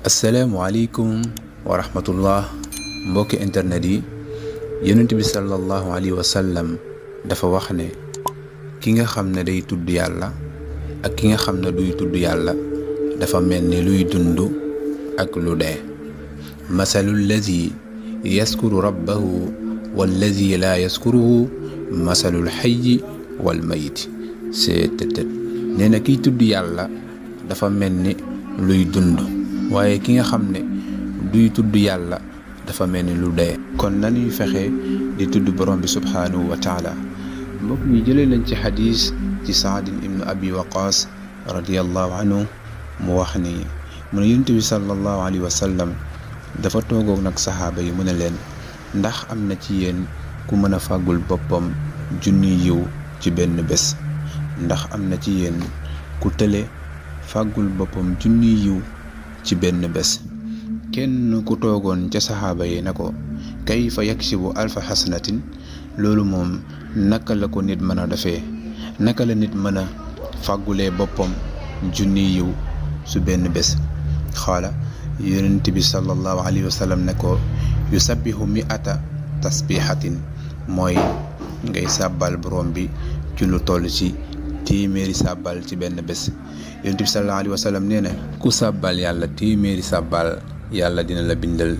السلام عليكم ورحمة الله موكي انترنتي يونت صلى الله عليه وسلم دفا وخني كينا خمنا داي تود يالا اك كيغا خامنا دوي تود يالا دفا ملني لوي دوندو اك لو مثل الذي يسكر ربه والذي لا يذكره مثل الحي والميت سي تت نينا كي تود يالا دفا ملني لوي دوندو waye ki nga xamne duy tudd yàlla dafa melni lu dé kon nañuy fexe di tudd borom bi subhanahu wa taala mbokk yi jëlé nañ ci hadith ci sa'd ibn abi waqas radiyallahu anhu mu wax ni mu ne bi sallallahu alayhi wa sallam dafa toogoog nak sahaba yi mu ne len ndax amna ci yéen ku mën fagul bopam junni yiw ci benn bés ndax amna ci yéen ku tële fagul bopam junni yiw ci benn bés kenn ku toogoon ca saxaaba yi ne ko kayfa yaksibu alfa xasanatin loolu moom naka la ko nit mën a defee naka la nit mën a fàggulee boppam junni yiw su benn bés xaala yonent bi sallallahu alayhi wa sallam ne ko yu sabbihu mi ata tasbihatin mooy ngay sàbbal borom bi ci lu toll ci téeméeri sàbbal ci benn bés yonent bi wa sallam nee na ku sàbbal yàlla téeméeri sàbbal yàlla dina la bindal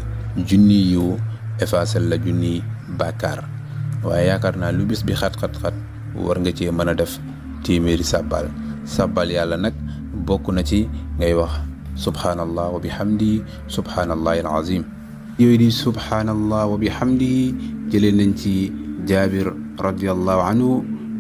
junni yiw effacer la junni bàkkaar waaye yaakaar naa lu bés bi xat-xat-xat war nga cee mën a def téeméeri sàbbal sàbbal yàlla nag bokk na ci ngay wax subhaanallah wa bihamdihi subhaanallahi alazim yooyu di subhaanallah wa bihamdihi jëlee nañ ci jaabir radiallahu anhu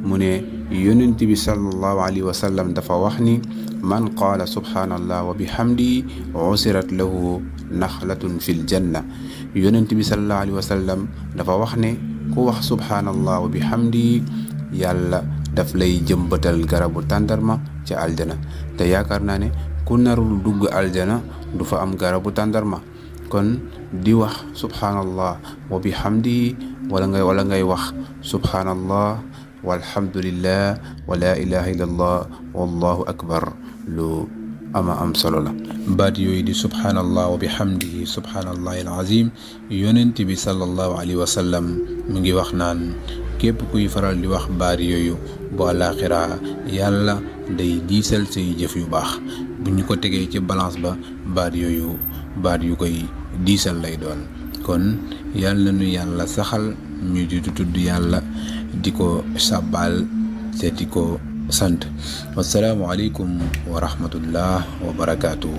mu ne yonent bi sallallahu alayhi wa sallam dafa wax ni man qaala subhaanallah wa bihamdi usirat lahu naxlatun fil janna yonent bi sallallahu alayhi wa sallam dafa wax ne ku wax subhaanallah wa bihamdi yàlla daf lay jëmbatal garabu tàndarma ci aljana te yaakaar naa ne ku narul dugg aljana du fa am garabu tàndarma kon di wax subhaanallah wa bihamdi wala ngay wala ngay wax subhaanallah والحمد لله ولا إله إلا الله والله أكبر لو أما أم صلى الله بعد يويدي سبحان الله وبحمده سبحان الله العظيم يننتبه صلى الله عليه وسلم من وخنان كيف كوي فرال دي وخ بار يويو بو الاخرة يالا دي ديسل سي جف يو باخ بني كو تيجي تي بالانس با بار يويو بار يو كوي ديسل لاي دون كون يالا نو يالا سخال ميو جوتو تود يالا di ko sàbbaal te di ko sant wasalaamualeykum wa rahmatullah wa barakaatu.